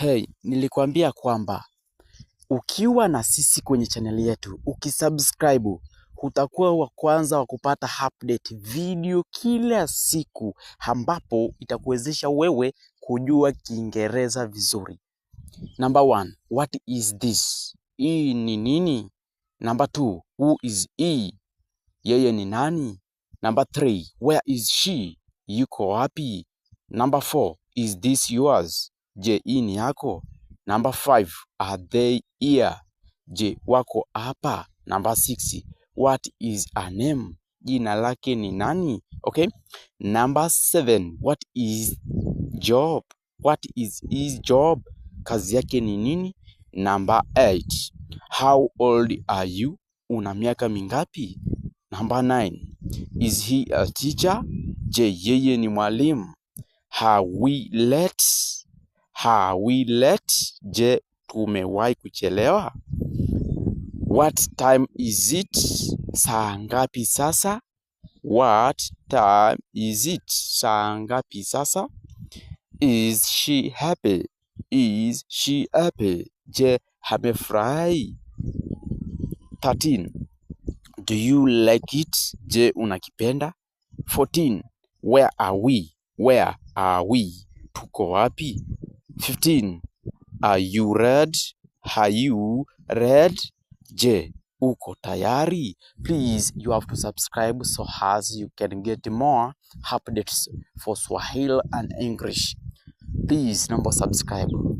Hey, nilikuambia kwamba ukiwa na sisi kwenye chaneli yetu, ukisubscribe utakuwa wa kwanza wa kupata update video kila siku, ambapo itakuwezesha wewe kujua Kiingereza vizuri. Number one, what is this? Hii e ni nini? Number two, who is he? Yeye ni nani? Number three, where is she? Yuko wapi? Number four, is this yours? Je, hii ni yako? Number 5, are they here? Je, wako hapa? Number 6, what is a name? Jina lake ni nani? Okay. Number 7, what is job? What is his job? Kazi yake ni nini? Number 8, how old are you? Una miaka mingapi? Number 9, is he a teacher? Je, yeye ni mwalimu? Are we late? Are we late? Je, tumewahi kuchelewa? What time is it? Saa ngapi sasa? What time is it? Saa ngapi sasa? Is she happy? Is she happy? Je, amefurahi? 13. Do you like it? Je, unakipenda? 14. Where are we? Where are we? Tuko wapi? 15. Are you read Are you read Je, uko tayari? Please, you have to subscribe so as you can get more updates for Swahili and English. Please, number subscribe.